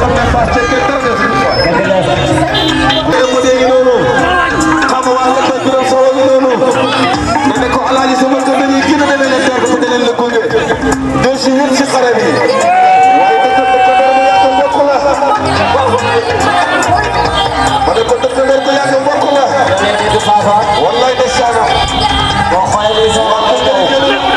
xam ne Fass ca kenn dara def suñu quoi. dégg nga dégg noonu. xam nga waa Louga bi la solo bi noonu. ne ne ko alaaji sama kër dañuy gën a demee leen terre ba mu leen la gunge. jël si wut si xare bi. waaye dëkk dëkk dër bu yàgg mbokk la. ma ne ko dëkk dër bu yàgg mbokk la. wallaay de saana. boo xoolee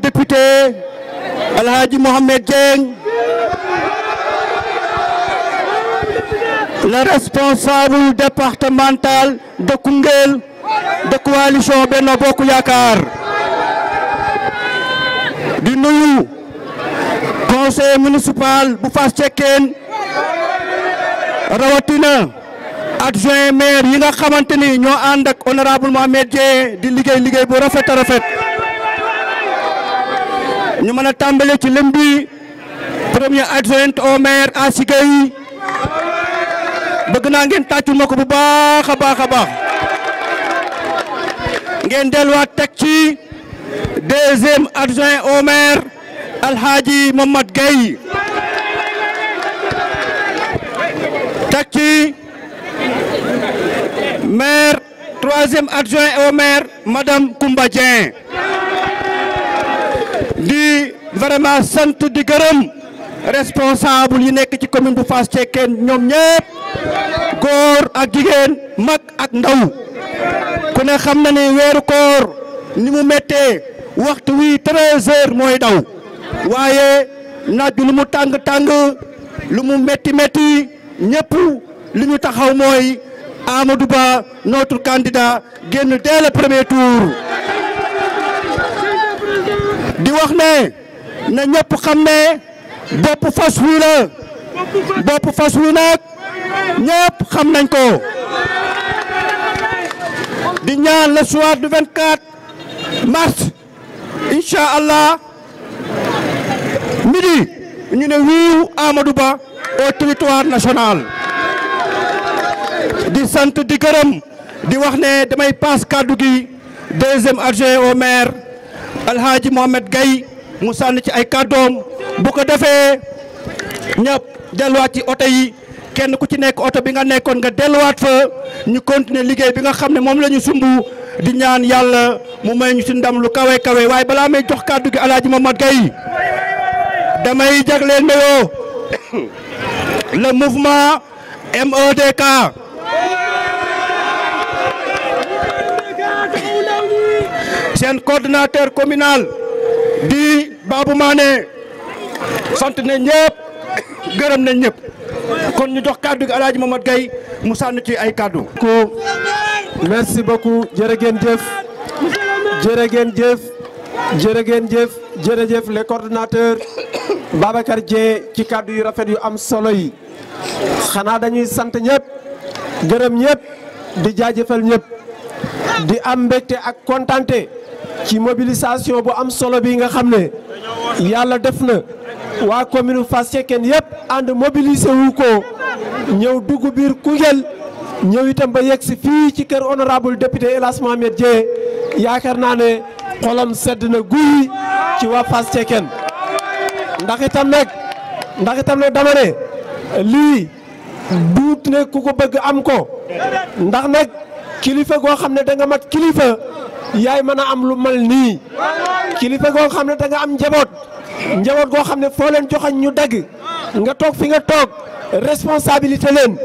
député Mohamed le responsable départemental de Kungel de coalition Benno Yakar, du conseil municipal bu Fass Cekkeen rawatina adjoint maire yi nga xamante ni ñoo ànd ak honorable Mohamed di liggéey liggéey bu rafet rafet ñu mën a tàmbale ci lim bi premier adjoint au maire Asi Gueye bëgg naa ngeen tàccul ma ko bu baax a baax a baax ngeen delluwaat teg ci deuxième adjoint au alxaaji Momad Gueye teg ci maire troisième adjoint au maire madame Koumba Dieng di vraiment sant di gërëm responsable yi nekk ci commune bu Fass Cekkeen ñoom ñëpp góor ak jigéen mag ak ndaw ku ne xam na ni weeru koor ni mu méttee waxtu wi 13 heures mooy daw waaye naaj bi lu mu tàng tàng lu mu metti métti ñëpp li taxaw mooy Amadou Ba notre candidat génn dès le premier tour di wax ne na ñëpp xam ne bopp fas wi la bopp fas wi nag ñëpp xam nañ ko di ñaan le soir du 24 mars incha allah. midi ñu ne wiiw Amadou Ba au territoire national di sant di gërëm di wax ne damay paas kàddu gi deuxième adjoint au maire Alhaji Mohamed Gaye mu sànni ci ay kàddoom bu ko defee ñëpp delluwaat ci oto yi kenn ku ci nekk oto bi nga nekkoon nga delluwaat fa ñu continuer liggéey bi nga xam ne moom la ñu sumb di ñaan yàlla mu may ñu ci ndam lu kawe kawe waaye balaa may jox kàddu gi Alhaji Mohamed Gaye damay jagleel nuyoo le mouvement MEDK seen coordinateur communal di Babou Mané sant na ñëpp gërëm na ñëpp kon ñu jox kàddu gi Mamad Gaye mu sànn ci ay kàddu. merci beaucoup jërë ngeen jëf jërë ngeen jëf jërë ngeen jëf. jërëjëf le coordonnateurs Babacar Dieng ci kàddu yu rafet yu am solo yi xanaa dañuy sant ñëpp gërëm ñëpp di jaajëfal ñëpp di am mbégte ak kontante ci mobilisation bu am solo bi nga xam ne yàlla def na waa commune Fass Cekkeen yëpp ànd mobilisé ko ñëw dugg biir Koungheul ñëw itam ba yegg si fii ci kër honorable député El Hadj Mohamed Dieng yaakaar naa ne xolam sedd na guy. ci waa Fass Cekkeen ndax itam nag ndax itam nag lii duut ne ku ko bëgg am ko ndax nag kilifa goo xam ne danga mat kilifa yaay mën a am lu mal nii kilifa goo xam ne danga am njaboot njaboot goo xam ne foo leen joxañ ñu dagg nga toog fi nga toog responsabilité leen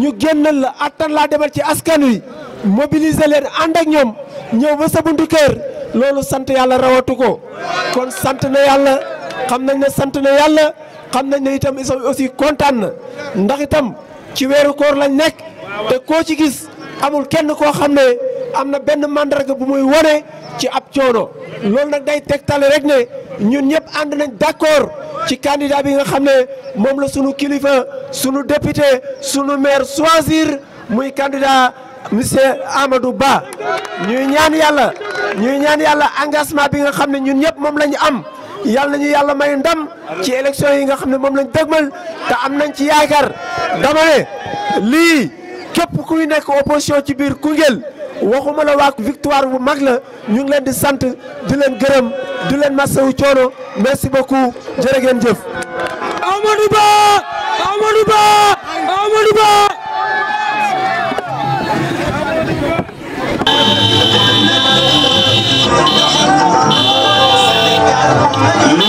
ñu génnal la attan laa demal ci askan wi mobiliser leen ànd ñoom ñëw ba sa buntu kër loolu sant yàlla rawatu ko kon sant na yàlla xam nañ ne sant na yàlla xam nañ ne itam aussi kontaan na ndax itam ci weeru koor lañ nekk te koo ci gis amul kenn koo xam ne am na benn màndarga bu muy wone ci ab coono loolu nag day tegtale rek ne ñun ñëpp ànd nañ d'accord ci candidat bi nga xam ne moom la sunu kilifa sunu député sunu maire choisir muy candidat monsieur Amadou Ba ñuy ñaan yàlla ñuy ñaan yàlla engagement bi nga xam ne ñun ñëpp moom la ñu am yàlla nañu yàlla may ndam ci élection yi nga xam ne moom lañ dëgmal te am nañ ci yaakaar dama ne lii képp kuy nekk opposition ci biir Koungheul waxuma la waa victoire bu mag la ñu ngi leen di sant di leen gërëm di leen masawu coono merci beaucoup jërë jëf. Amadou Ba Amadou Ba Amen.